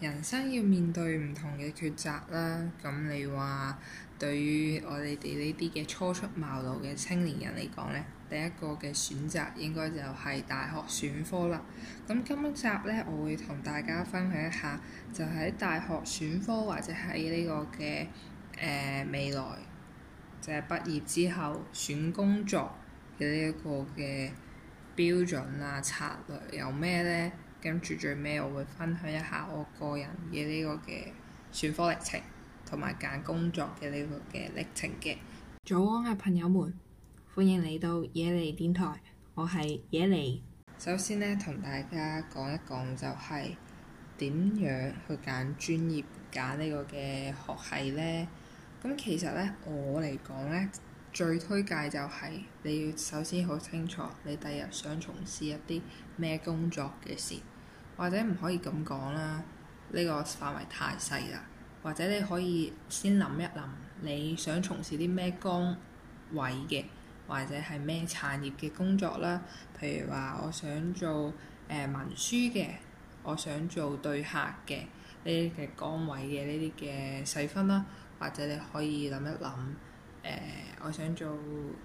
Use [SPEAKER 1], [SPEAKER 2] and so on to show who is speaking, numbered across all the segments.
[SPEAKER 1] 人生要面對唔同嘅抉擇啦，咁你話對於我哋哋呢啲嘅初出茅廬嘅青年人嚟講咧，第一個嘅選擇應該就係大學選科啦。咁今集咧，我會同大家分享一下，就喺、是、大學選科或者喺呢個嘅誒、呃、未來，就係、是、畢業之後選工作嘅呢一個嘅標準啊，策略有咩咧？跟住最尾，我會分享一下我個人嘅呢個嘅選科歷程，同埋揀工作嘅呢個嘅歷程嘅。早安啊，朋友們，歡迎嚟到野尼電台，我係野尼。首先咧，同大家講一講就係、是、點樣去揀專業、揀呢個嘅學系呢？咁其實呢，我嚟講呢，最推介就係、是、你要首先好清楚你第日想從事一啲咩工作嘅事。或者唔可以咁講啦，呢個範圍太細啦。或者你可以先諗一諗，你想從事啲咩崗位嘅，或者係咩產業嘅工作啦。譬如話，我想做誒文書嘅，我想做對客嘅呢啲嘅崗位嘅呢啲嘅細分啦。或者你可以諗一諗，誒、呃，我想做誒、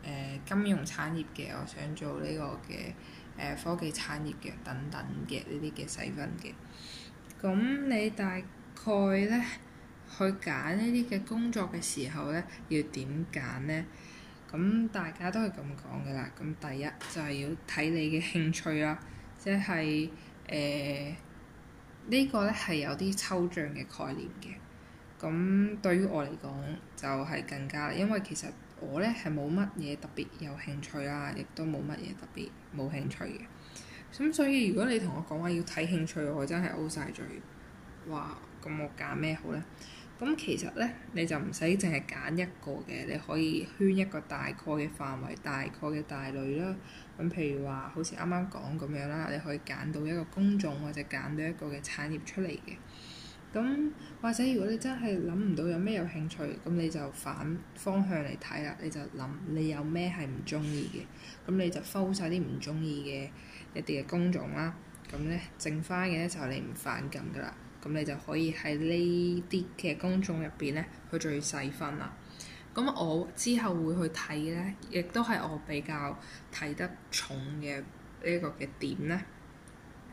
[SPEAKER 1] 呃、金融產業嘅，我想做呢個嘅。呃、科技產業嘅等等嘅呢啲嘅細分嘅，咁你大概呢去揀呢啲嘅工作嘅時候呢，要點揀呢？咁大家都係咁講㗎喇，咁第一就係要睇你嘅興趣啦，即係誒呢個呢係有啲抽象嘅概念嘅，咁對於我嚟講就係更加，因為其實，我咧係冇乜嘢特別有興趣啦，亦都冇乜嘢特別冇興趣嘅。咁、嗯、所以如果你同我講話要睇興趣，我真係 O 晒嘴。哇！咁我揀咩好呢？咁其實呢，你就唔使淨係揀一個嘅，你可以圈一個大概嘅範圍，大概嘅大類啦。咁譬如話好似啱啱講咁樣啦，你可以揀到一個工種或者揀到一個嘅產業出嚟嘅。咁或者如果你真係諗唔到有咩有興趣，咁你就反方向嚟睇啦。你就諗你有咩係唔中意嘅，咁你就分晒啲唔中意嘅一啲嘅工種啦。咁咧剩翻嘅就你唔反感噶啦。咁你就可以喺呢啲嘅工種入邊咧去最細分啦。咁我之後會去睇咧，亦都係我比較睇得重嘅呢個嘅點咧，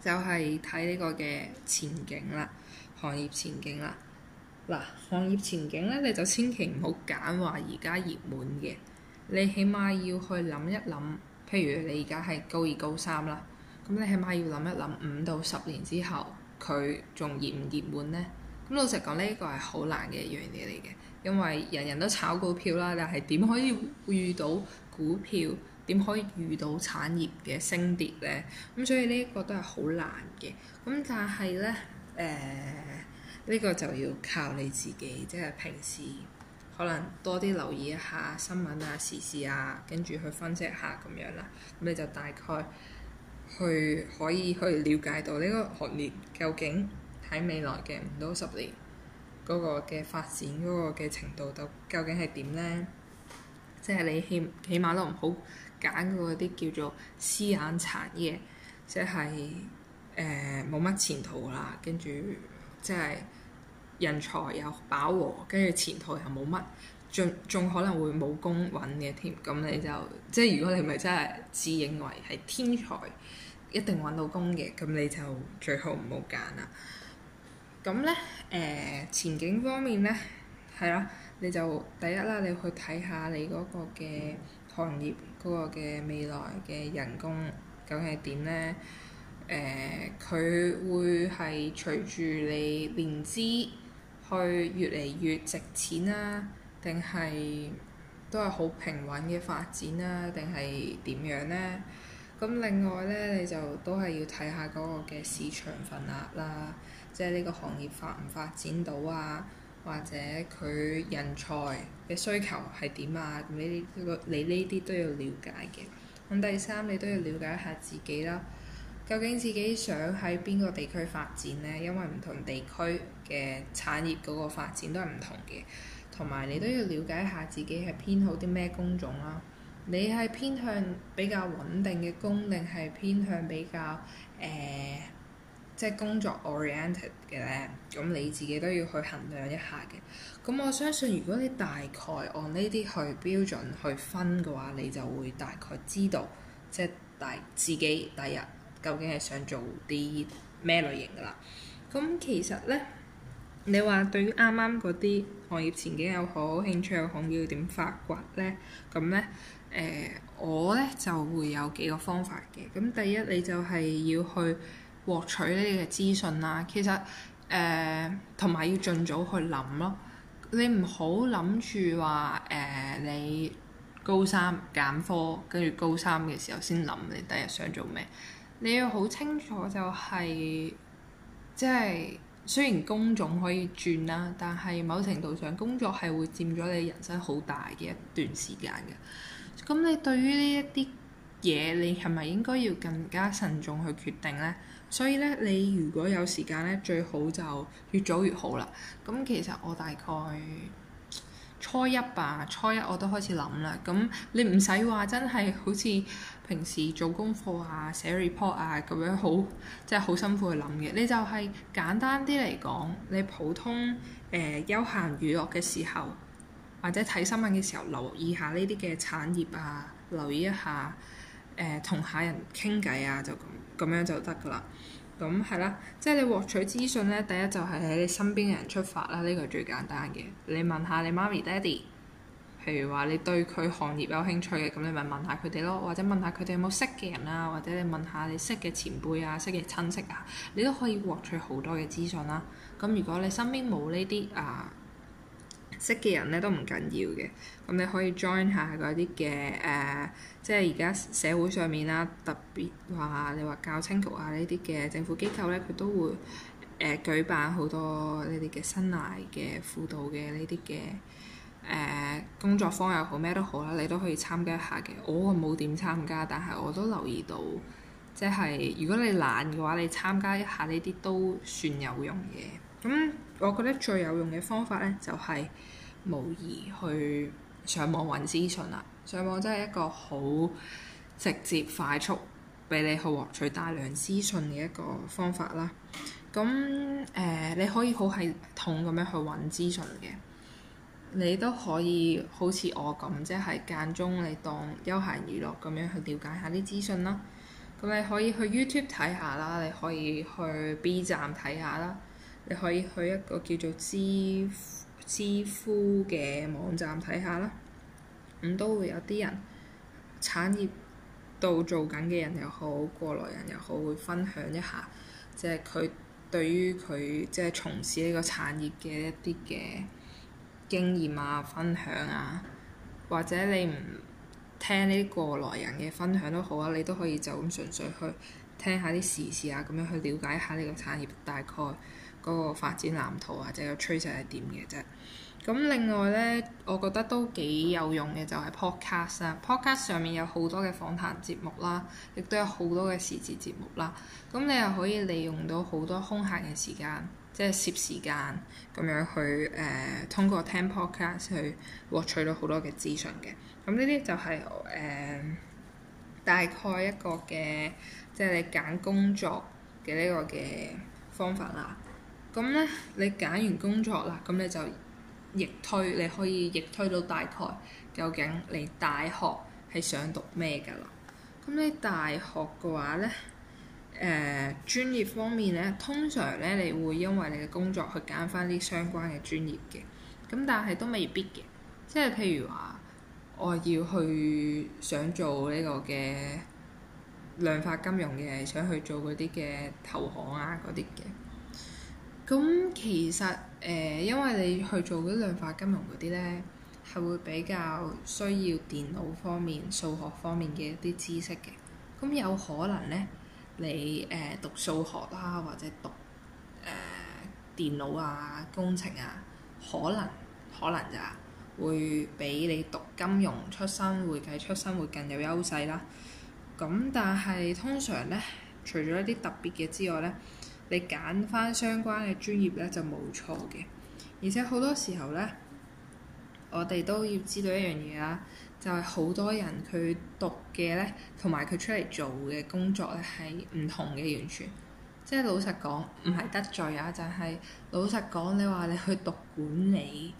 [SPEAKER 1] 就係睇呢個嘅前景啦。行業前景啦，嗱，行業前景咧，你就千祈唔好揀話而家熱門嘅，你起碼要去諗一諗，譬如你而家係高二、高三啦，咁你起碼要諗一諗五到十年之後佢仲熱唔熱門呢？咁老實講，呢個係好難嘅一樣嘢嚟嘅，因為人人都炒股票啦，但係點可以遇到股票？點可以遇到產業嘅升跌呢？咁所以呢個都係好難嘅。咁但係呢。誒呢、呃這個就要靠你自己，即係平時可能多啲留意一下新聞啊、時事啊，跟住去分析下咁樣啦。咁你就大概去可以去了解到呢個行業究竟喺未來嘅唔到十年嗰、那個嘅發展嗰、那個嘅程度，到究竟係點呢？即係你起起碼都唔好揀嗰啲叫做蝕眼殘嘢，即係。誒冇乜前途啦，跟住即係人才又飽和，跟住前途又冇乜，仲仲可能會冇工揾嘅添。咁你就即係如果你唔係真係自認為係天才，一定揾到工嘅，咁你就最好唔好揀啦。咁呢，誒、呃、前景方面呢，係啦，你就第一啦，你去睇下你嗰個嘅行業嗰、嗰個嘅未來嘅人工究竟係點呢？誒，佢、呃、會係隨住你年資去越嚟越值錢啦、啊，定係都係好平穩嘅發展啊，定係點樣呢？咁另外呢，你就都係要睇下嗰個嘅市場份額啦，即係呢個行業發唔發展到啊，或者佢人才嘅需求係點啊？呢啲你呢啲都要了解嘅。咁第三，你都要了解一下自己啦。究竟自己想喺邊個地區發展咧？因為唔同地區嘅產業嗰個發展都係唔同嘅，同埋你都要了解一下自己係偏好啲咩工種啦、啊。你係偏向比較穩定嘅工，定係偏向比較誒即係工作 oriented 嘅咧？咁你自己都要去衡量一下嘅。咁我相信，如果你大概按呢啲去標準去分嘅話，你就會大概知道即係、就是、大自己第日。究竟係想做啲咩類型噶啦？咁其實咧，你話對於啱啱嗰啲行業前景有好興趣又好要點發掘咧？咁咧，誒、呃、我咧就會有幾個方法嘅。咁第一，你就係要去獲取呢啲嘅資訊啦。其實誒同埋要盡早去諗咯。你唔好諗住話誒你高三揀科，跟住高三嘅時候先諗你第日想做咩。你要好清楚就係，即係雖然工種可以轉啦，但係某程度上工作係會佔咗你人生好大嘅一段時間嘅。咁你對於呢一啲嘢，你係咪應該要更加慎重去決定呢？所以呢，你如果有時間呢，最好就越早越好啦。咁其實我大概初一吧，初一我都開始諗啦。咁你唔使話真係好似～平時做功課啊、寫 report 啊咁樣好，即係好辛苦去諗嘅。你就係、是、簡單啲嚟講，你普通誒、呃、休閒娛樂嘅時候，或者睇新聞嘅時候，留意下呢啲嘅產業啊，留意一下誒同下人傾偈啊，就咁樣，樣就得噶啦。咁係啦，即係你獲取資訊咧，第一就係喺你身邊嘅人出發啦，呢、這個最簡單嘅。你問下你媽咪、爹哋。譬如話你對佢行業有興趣嘅，咁你咪問下佢哋咯，或者問下佢哋有冇識嘅人啊，或者你問下你識嘅前輩啊、識嘅親戚啊，你都可以獲取好多嘅資訊啦。咁如果你身邊冇、啊、呢啲啊識嘅人咧，都唔緊要嘅。咁你可以 join 下嗰啲嘅誒，即係而家社會上面啦，特別話你話教青局啊呢啲嘅政府機構咧，佢都會誒、啊、舉辦好多呢啲嘅生涯嘅輔導嘅呢啲嘅。誒、呃、工作坊又好咩都好啦，你都可以參加一下嘅。我冇點參加，但係我都留意到，即係如果你懶嘅話，你參加一下呢啲都算有用嘅。咁我覺得最有用嘅方法呢，就係無疑去上網揾資訊啦。上網真係一個好直接快速俾你去獲取大量資訊嘅一個方法啦。咁誒、呃，你可以好系統咁樣去揾資訊嘅。你都可以好似我咁，即係間中你當休閒娛樂咁樣去了解下啲資訊啦。咁你可以去 YouTube 睇下啦，你可以去 B 站睇下啦，你可以去一個叫做知乎、知乎嘅網站睇下啦。咁都會有啲人，產業度做緊嘅人又好，過來人又好，會分享一下，即係佢對於佢即係從事呢個產業嘅一啲嘅。經驗啊，分享啊，或者你唔聽呢啲過來人嘅分享都好啊，你都可以就咁純粹去聽下啲時事啊，咁樣去了解下呢個產業大概嗰個發展藍圖啊，或者個趨勢係點嘅啫。咁另外呢，我覺得都幾有用嘅就係 podcast 啊，podcast 上面有好多嘅訪談節目啦，亦都有好多嘅時事節目啦。咁你又可以利用到好多空閒嘅時間。即係攝時間咁樣去誒、呃，通過聽 podcast 去獲取到好多嘅資訊嘅。咁呢啲就係誒、呃、大概一個嘅，即係你揀工作嘅呢個嘅方法啦。咁咧，你揀完工作啦，咁你就逆推，你可以逆推到大概究竟你大學係想讀咩㗎啦。咁你大學嘅話咧，誒、呃、專業方面咧，通常咧你會因為你嘅工作去揀返啲相關嘅專業嘅。咁但係都未必嘅，即係譬如話我要去想做呢個嘅量化金融嘅，想去做嗰啲嘅投行啊嗰啲嘅。咁其實誒、呃，因為你去做嗰啲量化金融嗰啲咧，係會比較需要電腦方面、數學方面嘅一啲知識嘅。咁有可能咧。你誒讀數學啦，或者讀誒、呃、電腦啊、工程啊，可能可能就會比你讀金融出身、會計出身會更有優勢啦。咁但係通常咧，除咗一啲特別嘅之外咧，你揀翻相關嘅專業咧就冇錯嘅，而且好多時候咧，我哋都要知道一樣嘢啦。就係好多人佢讀嘅呢，同埋佢出嚟做嘅工作呢，係唔同嘅完全。即係老實講，唔係得罪啊，就係、是、老實講，你話你去讀管理，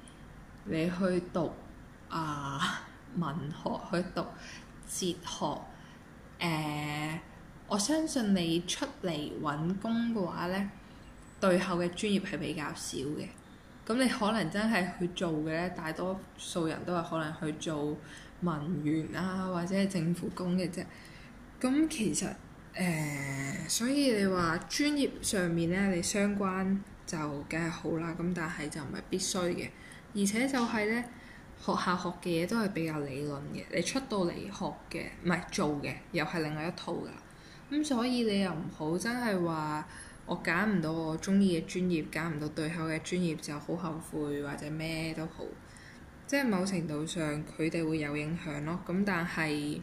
[SPEAKER 1] 你去讀啊文學，去讀哲學，誒、呃，我相信你出嚟揾工嘅話呢，對口嘅專業係比較少嘅。咁你可能真係去做嘅呢，大多數人都係可能去做。文員啊，或者係政府工嘅啫。咁其實誒、呃，所以你話專業上面咧，你相關就梗係好啦。咁但係就唔係必須嘅，而且就係咧，學校學嘅嘢都係比較理論嘅，你出到嚟學嘅唔係做嘅，又係另外一套噶。咁所以你又唔好真係話我揀唔到我中意嘅專業，揀唔到對口嘅專業就好後悔或者咩都好。即係某程度上，佢哋會有影響咯。咁但係，誒、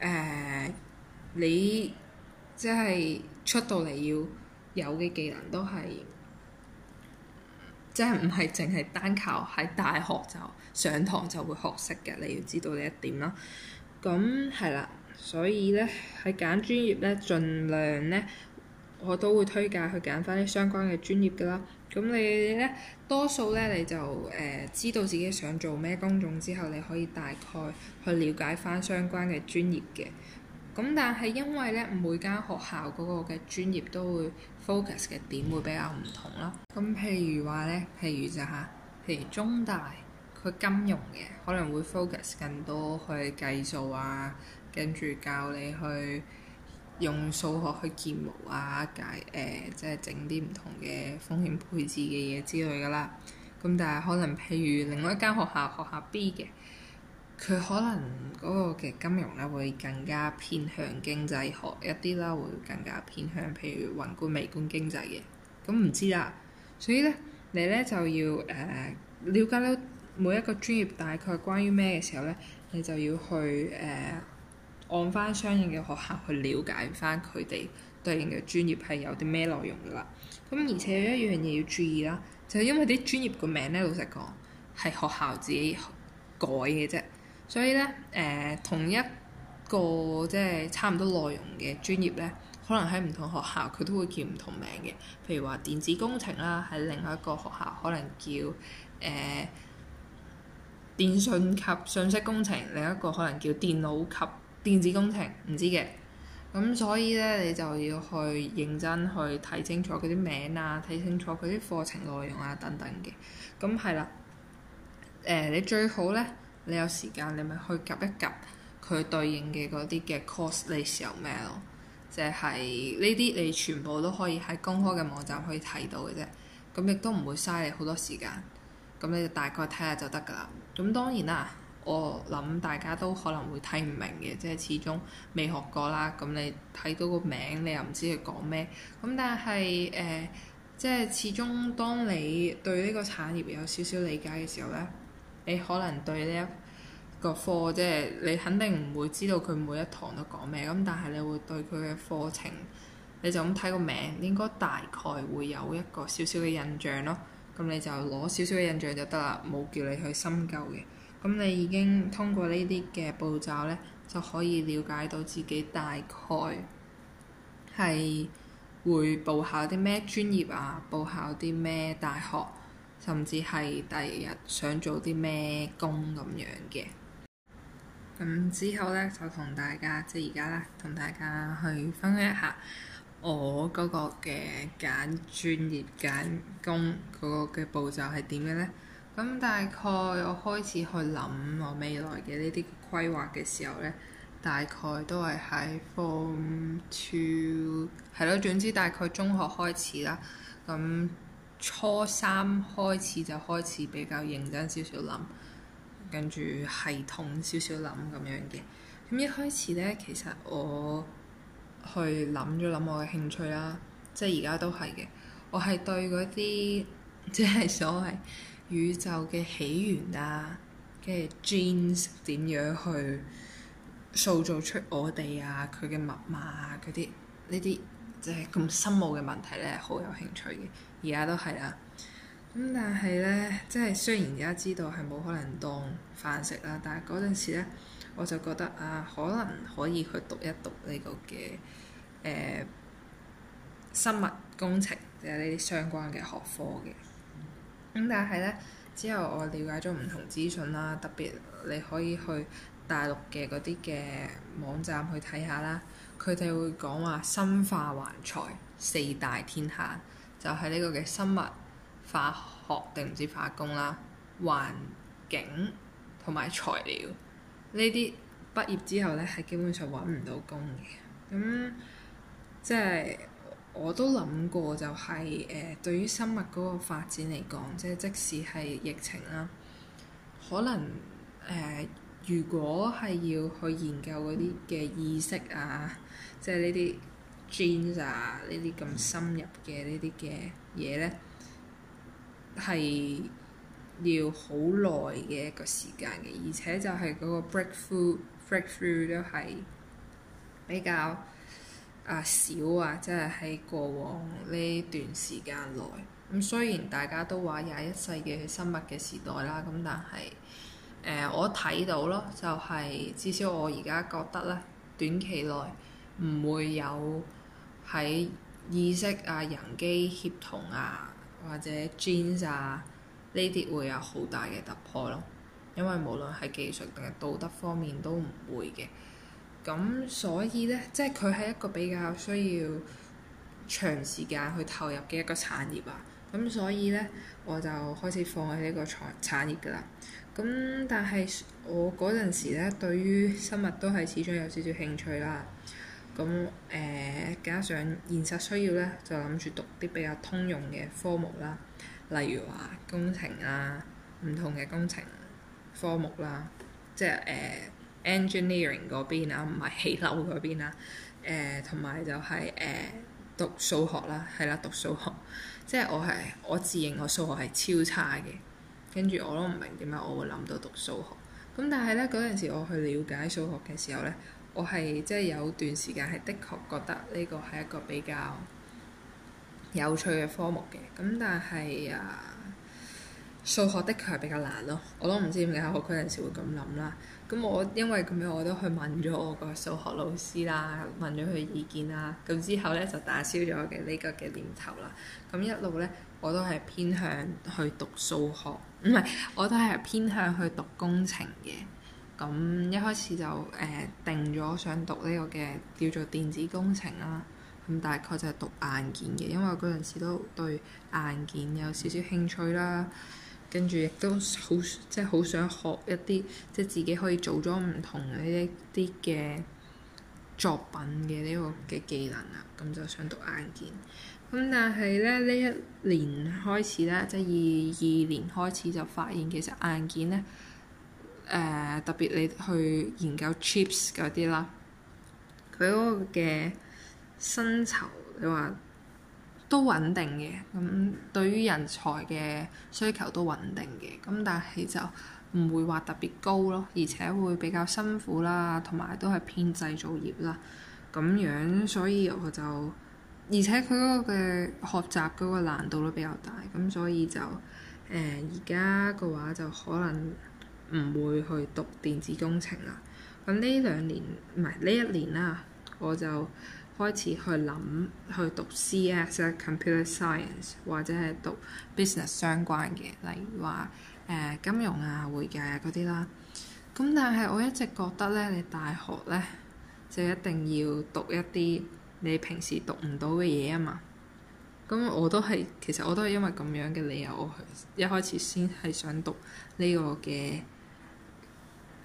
[SPEAKER 1] 呃，你即係出到嚟要有嘅技能都係，即係唔係淨係單靠喺大學就上堂就會學識嘅。你要知道呢一點啦。咁係啦，所以咧喺揀專業咧，盡量咧。我都會推介去揀翻啲相關嘅專業嘅啦。咁你咧多數咧你就誒、呃、知道自己想做咩工種之後，你可以大概去了解翻相關嘅專業嘅。咁但係因為咧每間學校嗰個嘅專業都會 focus 嘅點會比較唔同啦。咁譬如話咧，譬如就嚇、是，譬如中大佢金融嘅可能會 focus 更多去計數啊，跟住教你去。用數學去建模啊，解誒、呃、即係整啲唔同嘅風險配置嘅嘢之類噶啦。咁但係可能譬如另外一間學校學校 B 嘅，佢可能嗰個嘅金融咧、啊、會更加偏向經濟學一啲啦，會更加偏向譬如宏觀、微觀經濟嘅。咁、嗯、唔知啦，所以咧你咧就要誒瞭、呃、解到每一個專業大概關於咩嘅時候咧，你就要去誒。呃按翻相應嘅學校去了解翻佢哋對應嘅專業係有啲咩內容㗎啦。咁而且有一樣嘢要注意啦，就係、是、因為啲專業個名咧，老實講係學校自己改嘅啫，所以咧誒、呃、同一個即係差唔多內容嘅專業咧，可能喺唔同學校佢都會叫唔同名嘅。譬如話電子工程啦，喺另一個學校可能叫誒、呃、電信及信息工程，另一個可能叫電腦及電子工程唔知嘅，咁所以呢，你就要去認真去睇清楚佢啲名啊，睇清楚佢啲課程內容啊等等嘅，咁係啦，誒你最好呢，你有時間你咪去 𥄫 一 𥄫 佢對應嘅嗰啲嘅 course list 有咩咯，就係呢啲你全部都可以喺公開嘅網站可以睇到嘅啫，咁亦都唔會嘥你好多時間，咁你就大概睇下就得㗎啦，咁當然啦。我諗大家都可能會睇唔明嘅，即係始終未學過啦。咁你睇到個名，你又唔知佢講咩咁。但係誒、呃，即係始終當你對呢個產業有少少理解嘅時候咧，你可能對呢一個課即係你肯定唔會知道佢每一堂都講咩咁。但係你會對佢嘅課程，你就咁睇個名，應該大概會有一個少少嘅印象咯。咁你就攞少少嘅印象就得啦，冇叫你去深究嘅。咁你已經通過呢啲嘅步驟咧，就可以了解到自己大概係會報考啲咩專業啊，報考啲咩大學，甚至係第二日想做啲咩工咁樣嘅。咁之後咧，就同大家即係而家啦，同大家去分享一下我嗰個嘅揀專業、揀工嗰個嘅步驟係點嘅咧。咁大概我開始去諗我未來嘅呢啲規劃嘅時候呢，大概都係喺 form two 係咯，總之大概中學開始啦。咁初三開始就開始比較認真少少諗，跟住系統少少諗咁樣嘅。咁一開始呢，其實我去諗咗諗我嘅興趣啦，即係而家都係嘅。我係對嗰啲即係所謂宇宙嘅起源啊，跟住 genes 點樣去塑造出我哋啊？佢嘅密碼啊，嗰啲呢啲即係咁深奧嘅問題咧，好有興趣嘅。而家都係啊，咁但係咧，即係雖然而家知道係冇可能當飯食啦，但係嗰陣時咧，我就覺得啊，可能可以去讀一讀呢個嘅誒、呃、生物工程，即係呢啲相關嘅學科嘅。咁但係咧，之後我了解咗唔同資訊啦，特別你可以去大陸嘅嗰啲嘅網站去睇下啦，佢哋會講話生化環材四大天下，就係呢個嘅生物化學定唔知化工啦、環境同埋材料呢啲畢業之後咧，係基本上揾唔到工嘅，咁即係。我都諗過、就是，就係誒對於生物嗰個發展嚟講，即、就、係、是、即使係疫情啦，可能誒、呃，如果係要去研究嗰啲嘅意識啊，即係呢啲 genes 啊，呢啲咁深入嘅呢啲嘅嘢咧，係要好耐嘅一個時間嘅，而且就係嗰個 breakthrough，breakthrough break 都係比較。啊少啊，即係喺過往呢段時間內，咁、嗯、雖然大家都話廿一世紀係生物嘅時代啦，咁、嗯、但係誒、呃、我睇到咯，就係、是、至少我而家覺得咧，短期內唔會有喺意識啊、人機協同啊或者 genes 啊呢啲會有好大嘅突破咯，因為無論係技術定係道德方面都唔會嘅。咁所以咧，即係佢係一個比較需要長時間去投入嘅一個產業啊。咁所以咧，我就開始放棄呢個產產業㗎啦。咁但係我嗰陣時咧，對於生物都係始終有少少興趣啦。咁誒、呃，加上現實需要咧，就諗住讀啲比較通用嘅科目啦，例如話工程啊，唔同嘅工程科目啦，即係誒。呃 engineering 嗰邊啊，唔係起樓嗰邊啦。誒、呃，同埋就係、是、誒、呃、讀數學啦，係啦、啊，讀數學。即係我係我自認我數學係超差嘅，跟住我都唔明點解我會諗到讀數學。咁但係咧，嗰陣時我去了解數學嘅時候咧，我係即係有段時間係的確覺得呢個係一個比較有趣嘅科目嘅。咁但係啊，數學的確係比較難咯。我都唔知點解我嗰陣時會咁諗啦。咁我因為咁樣，我都去問咗我個數學老師啦，問咗佢意見啦。咁之後呢，就打消咗我嘅呢個嘅念頭啦。咁一路呢，我都係偏向去讀數學，唔係，我都係偏向去讀工程嘅。咁一開始就誒、呃、定咗想讀呢個嘅叫做電子工程啦。咁大概就係讀硬件嘅，因為嗰陣時都對硬件有少少興趣啦。跟住亦都好，即係好想學一啲，即係自己可以做咗唔同嘅一啲嘅作品嘅呢個嘅技能啊。咁就想讀硬件。咁但係咧呢一年開始啦，即係二二年開始就發現其實硬件咧，誒、呃、特別你去研究 chips 嗰啲啦，佢嗰個嘅薪酬你話？都穩定嘅，咁對於人才嘅需求都穩定嘅，咁但係就唔會話特別高咯，而且會比較辛苦啦，同埋都係偏製造業啦，咁樣所以我就，而且佢嗰個嘅學習嗰個難度都比較大，咁所以就誒而家嘅話就可能唔會去讀電子工程啦，咁呢兩年唔係呢一年啦，啊，我就。開始去諗去讀 C.S. 啊，Computer Science 或者係讀 business 相關嘅，例如話誒、呃、金融啊、會計啊嗰啲啦。咁但係我一直覺得咧，你大學咧就一定要讀一啲你平時讀唔到嘅嘢啊嘛。咁我都係其實我都係因為咁樣嘅理由，我去一開始先係想讀呢個嘅誒、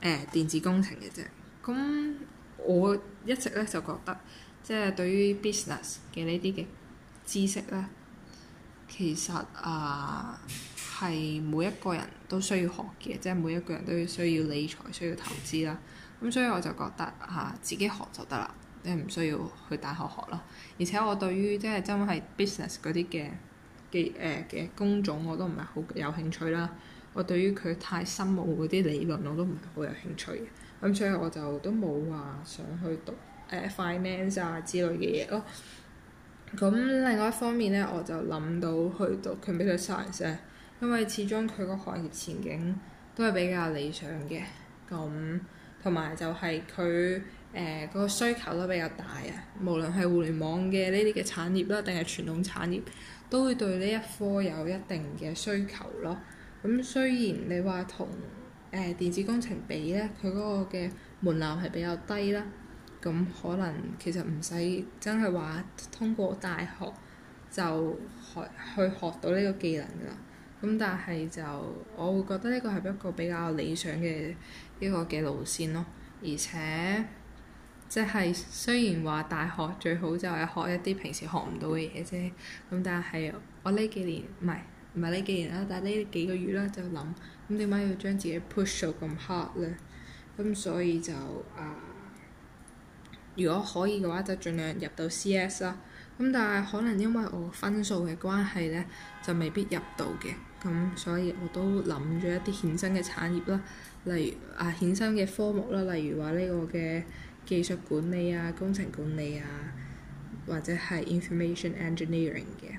[SPEAKER 1] 呃、電子工程嘅啫。咁我一直咧就覺得。即係對於 business 嘅呢啲嘅知識咧，其實啊係、呃、每一個人都需要學嘅，即係每一個人都需要理財、需要投資啦。咁所以我就覺得嚇、啊、自己學就得啦，你唔需要去大學學啦。而且我對於即係真係 business 嗰啲嘅嘅誒嘅工種我都唔係好有興趣啦。我對於佢太深奧嗰啲理論我都唔係好有興趣嘅。咁所以我就都冇話想去讀。誒 finance 啊之類嘅嘢咯，咁、oh, mm hmm. 另外一方面呢，我就諗到去讀 computer science，因為始終佢個行業前景都係比較理想嘅，咁同埋就係佢誒嗰個需求都比較大啊。無論係互聯網嘅呢啲嘅產業啦，定係傳統產業，都會對呢一科有一定嘅需求咯。咁雖然你話同誒電子工程比呢，佢嗰個嘅門檻係比較低啦。咁可能其實唔使真係話通過大學就學去學到呢個技能㗎啦。咁但係就我會覺得呢個係一個比較理想嘅一個嘅路線咯。而且即係雖然話大學最好就係學一啲平時學唔到嘅嘢啫。咁但係我呢幾年唔係唔係，呢幾年啦，但係呢幾個月啦就諗，咁點解要將自己 push 到、so、咁 hard 咧？咁所以就啊～、呃如果可以嘅話，就盡量入到 CS 啦。咁但係可能因為我分數嘅關係呢，就未必入到嘅。咁所以我都諗咗一啲衍生嘅產業啦，例如啊衍生嘅科目啦，例如話呢個嘅技術管理啊、工程管理啊，或者係 Information Engineering 嘅。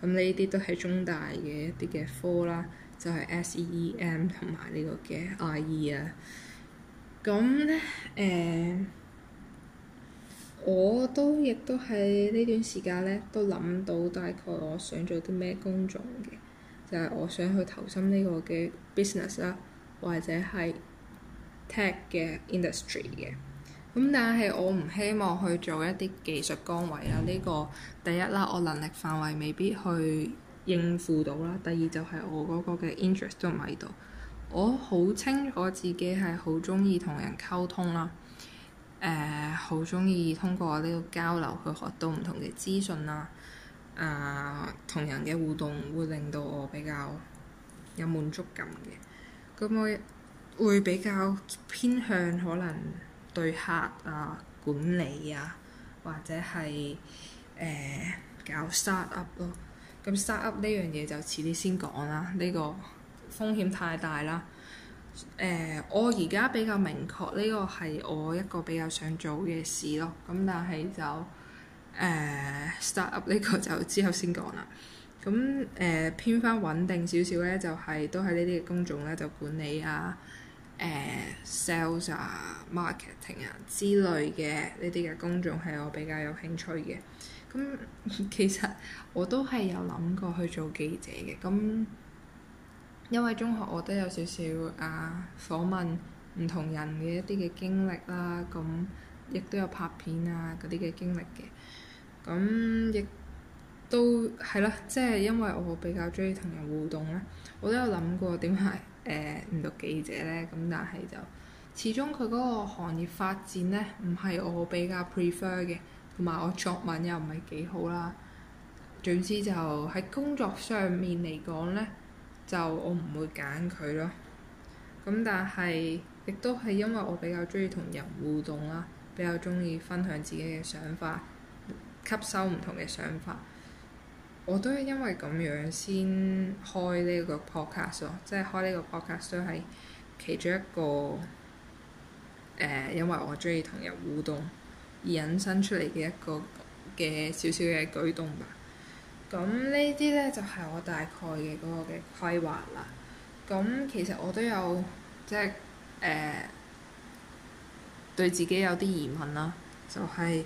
[SPEAKER 1] 咁呢啲都係中大嘅一啲嘅科啦，就係、是、SEM 同埋呢個嘅 IE 啊。咁呢。誒、呃？我都亦都喺呢段時間咧，都諗到大概我想做啲咩工種嘅，就係我想去投身呢個嘅 business 啦，或者係 tech 嘅 industry 嘅。咁但係我唔希望去做一啲技術崗位啦。呢個第一啦，我能力範圍未必去應付到啦。第二就係我嗰個嘅 interest 都唔喺度。我好清楚自己係好中意同人溝通啦。誒好鍾意通過呢個交流去學到唔同嘅資訊啦，啊、呃、同人嘅互動會令到我比較有滿足感嘅，咁我會比較偏向可能對客啊、管理啊或者係誒、呃、搞 start up 咯，咁 start up 呢樣嘢就遲啲先講啦，呢、呢個風險太大啦。誒、呃，我而家比較明確呢個係我一個比較想做嘅事咯。咁但係就誒、呃、startup 呢個就之後先講啦。咁誒偏翻穩定少少咧，就係都係呢啲嘅工種咧，就管理啊、誒、呃、sales 啊、marketing 啊之類嘅呢啲嘅工種係我比較有興趣嘅。咁其實我都係有諗過去做記者嘅。咁因為中學我都有少少啊，訪問唔同人嘅一啲嘅經歷啦，咁、啊、亦都有拍片啊嗰啲嘅經歷嘅，咁、啊、亦都係啦，即係、就是、因為我比較鍾意同人互動咧，我都有諗過點解誒唔讀記者呢。咁但係就始終佢嗰個行業發展呢，唔係我比較 prefer 嘅，同埋我作文又唔係幾好啦，總之就喺工作上面嚟講呢。就我唔會揀佢咯，咁但係亦都係因為我比較中意同人互動啦，比較中意分享自己嘅想法，吸收唔同嘅想法，我都係因為咁樣先開呢個 Podcast 咯，即係開呢個 Podcast 都係其中一個誒、呃、因為我中意同人互動而引申出嚟嘅一個嘅少少嘅舉動吧。咁呢啲咧就係我大概嘅嗰個嘅規劃啦。咁其實我都有即係誒對自己有啲疑問啦，就係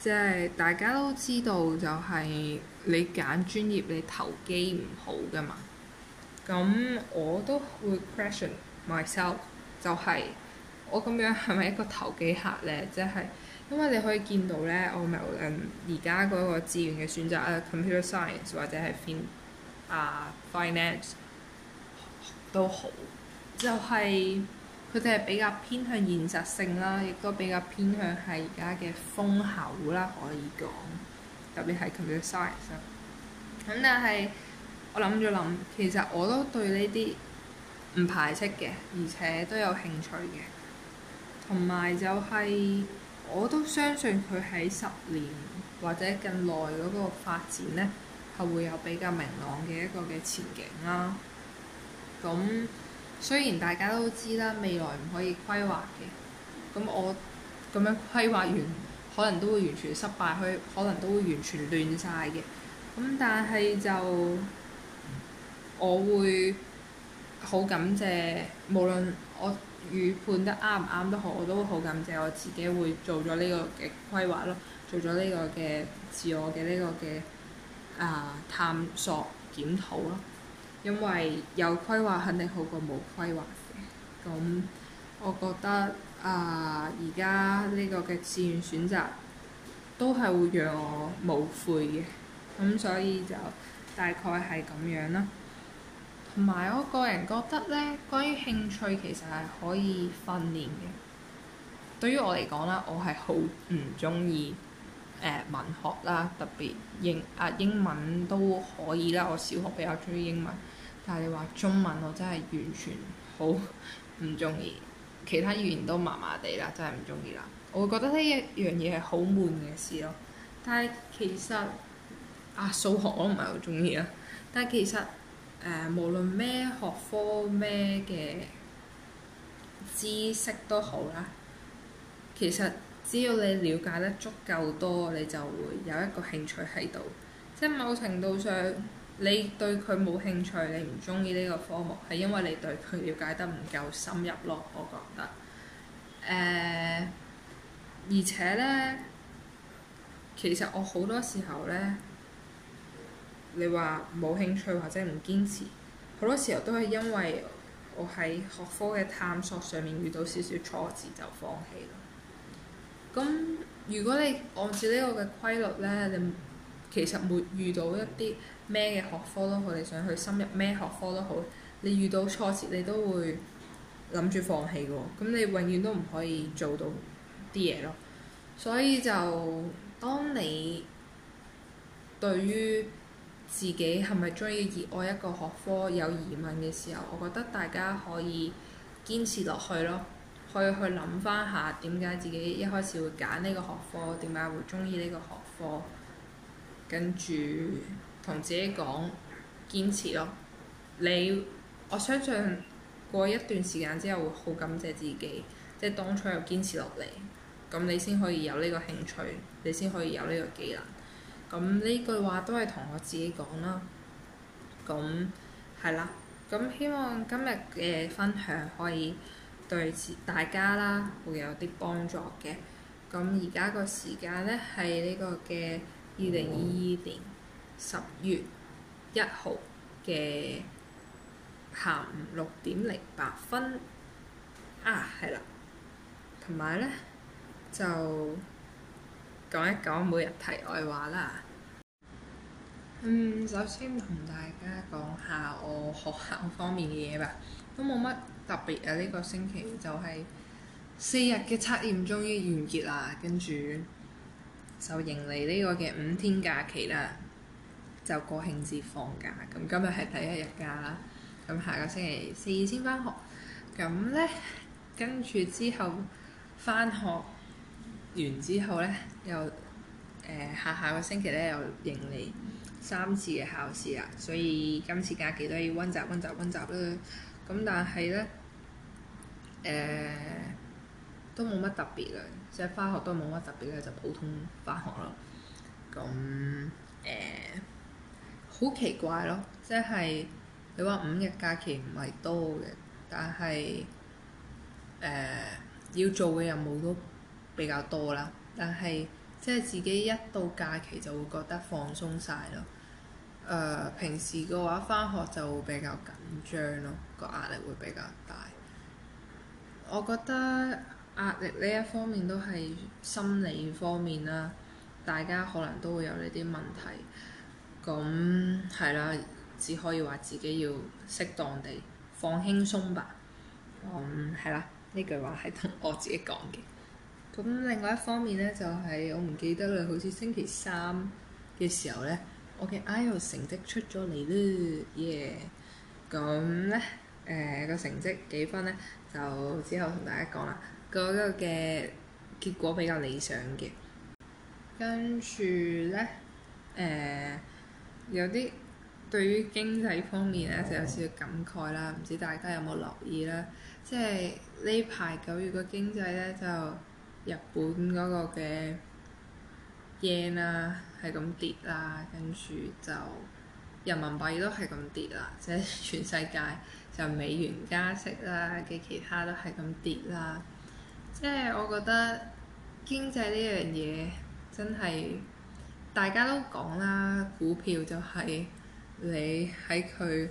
[SPEAKER 1] 即係大家都知道就係你揀專業你投機唔好噶嘛。咁我都會 question myself，就係我咁樣係咪一個投機客咧？即係。因為、嗯、你可以見到咧，我咪嗯而家嗰個志願嘅選擇啊，computer science 或者係 fin 啊 finance 都好，就係佢哋係比較偏向現實性啦，亦都比較偏向係而家嘅風口啦，可以講特別係 computer science。咁、嗯、但係我諗咗諗，其實我都對呢啲唔排斥嘅，而且都有興趣嘅，同埋就係、是。我都相信佢喺十年或者更耐嗰個發展咧，係會有比較明朗嘅一個嘅前景啦。咁雖然大家都知啦，未來唔可以規劃嘅。咁我咁樣規劃完，可能都會完全失敗，去可能都會完全亂晒嘅。咁但係就我會好感謝，無論我。預判得啱唔啱都好，我都好感謝我自己會做咗呢個嘅規劃咯，做咗呢個嘅自我嘅呢、這個嘅啊、呃、探索檢討咯，因為有規劃肯定好過冇規劃嘅。咁、嗯、我覺得啊，而家呢個嘅志願選擇都係會讓我冇悔嘅。咁、嗯、所以就大概係咁樣啦。同埋，我個人覺得咧，關於興趣其實係可以訓練嘅。對於我嚟講啦，我係好唔中意誒文學啦，特別英啊英文都可以啦。我小學比較中意英文，但係你話中文，我真係完全好唔中意。其他語言都麻麻地啦，真係唔中意啦。我會覺得呢一樣嘢係好悶嘅事咯。但係其實啊，數學我唔係好中意啊。但係其實。誒、呃，無論咩學科咩嘅知識都好啦，其實只要你了解得足夠多，你就會有一個興趣喺度。即某程度上，你對佢冇興趣，你唔鍾意呢個科目，係因為你對佢了解得唔夠深入咯，我覺得、呃。而且呢，其實我好多時候呢。你話冇興趣或者唔堅持，好多時候都係因為我喺學科嘅探索上面遇到少少挫折就放棄咯。咁如果你按照呢個嘅規律呢，你其實沒遇到一啲咩嘅學科都好，你想去深入咩學科都好，你遇到挫折你都會諗住放棄嘅喎。咁你永遠都唔可以做到啲嘢咯。所以就當你對於自己係咪中意熱愛一個學科有疑問嘅時候，我覺得大家可以堅持落去咯，可以去諗翻下點解自己一開始會揀呢個學科，點解會中意呢個學科，跟住同自己講堅持咯。你，我相信過一段時間之後會好感謝自己，即係當初又堅持落嚟，咁你先可以有呢個興趣，你先可以有呢個技能。咁呢句話都係同我自己講啦。咁係啦，咁希望今日嘅分享可以對大家啦，會有啲幫助嘅。咁而家個時間咧，係呢個嘅二零二二年十月一號嘅下午六點零八分。啊，係啦，同埋咧就～講一講每日題外話啦。嗯，首先同大家講下我學校方面嘅嘢吧。都冇乜特別啊！呢個星期就係四日嘅測驗終於完結啦，跟住就迎嚟呢個嘅五天假期啦。就國慶節放假，咁今日係第一日假啦。咁下個星期四先翻學。咁呢，跟住之後翻學。完之後咧，又誒、呃、下下個星期咧又迎嚟三次嘅考試啦，所以今次假期、呃、都要温習温習温習啦。咁但係咧誒都冇乜特別啦，即係返學都冇乜特別咧，就普通返學咯。咁誒好吧、呃、奇怪咯，即係你話五日假期唔係多嘅，但係誒、呃、要做嘅任務都～比較多啦，但係即係自己一到假期就會覺得放鬆晒咯。誒、呃，平時嘅話返學就會比較緊張咯，個壓力會比較大。我覺得壓力呢一方面都係心理方面啦，大家可能都會有呢啲問題。咁係啦，只可以話自己要適當地放輕鬆吧。嗯，係啦，呢句話係同我自己講嘅。咁另外一方面咧，就係、是、我唔記得啦，好似星期三嘅時候咧，我嘅 IELTS 成績出咗嚟啦，耶、yeah！咁咧，誒、呃、個成績幾分咧，就之後同大家講啦。嗰、那個嘅結果比較理想嘅，跟住咧，誒、呃、有啲對於經濟方面咧、oh，就有少少感慨啦，唔知大家有冇留意啦？即係呢排九月嘅經濟咧就～日本嗰個嘅 yen 啦，係咁跌啦，跟住就人民幣都係咁跌啦，即係全世界就美元加息啦嘅，其他都係咁跌啦，即係我覺得經濟呢樣嘢真係大家都講啦，股票就係你喺佢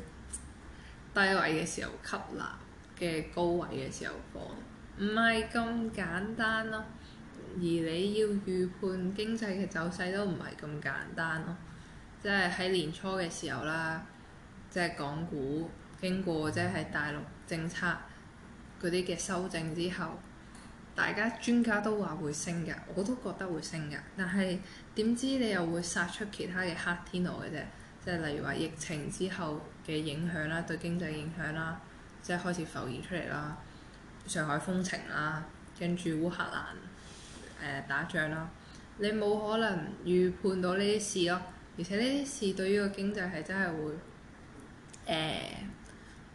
[SPEAKER 1] 低位嘅時候吸納，嘅高位嘅時候放。唔係咁簡單咯，而你要預判經濟嘅走勢都唔係咁簡單咯。即係喺年初嘅時候啦，即係港股經過即係大陸政策嗰啲嘅修正之後，大家專家都話會升㗎，我都覺得會升㗎。但係點知你又會殺出其他嘅黑天鵝嘅啫，即係例如話疫情之後嘅影響啦，對經濟影響啦，即係開始浮現出嚟啦。上海風情啦、啊，跟住烏克蘭誒、呃、打仗啦、啊，你冇可能預判到呢啲事咯、啊。而且呢啲事對於個經濟係真係會誒、呃、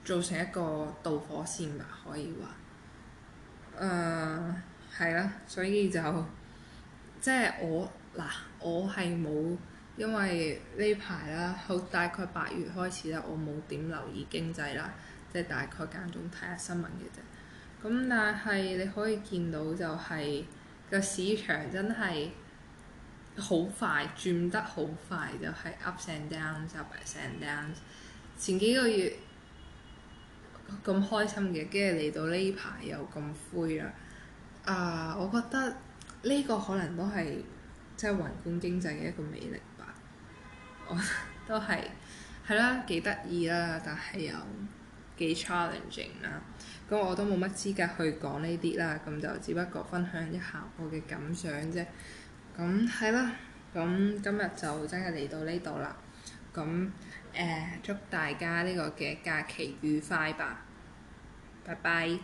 [SPEAKER 1] 造成一個導火線吧、啊，可以話誒係啦。所以就即係我嗱，我係冇因為呢排啦，好大概八月開始啦，我冇點留意經濟啦，即係大概間中睇下新聞嘅啫。咁但係你可以見到就係個市場真係好快轉得好快，就係、就係、up and down，up and down。前幾個月咁開心嘅，跟住嚟到呢排又咁灰啦。啊、呃，我覺得呢個可能都係即係宏觀經濟嘅一個魅力吧。我都係係啦，幾得意啦，但係又幾 challenging 啦。咁我都冇乜資格去講呢啲啦，咁就只不過分享一下我嘅感想啫。咁係啦，咁今日就真係嚟到呢度啦。咁誒，呃，祝大家呢個嘅假期愉快吧。拜拜。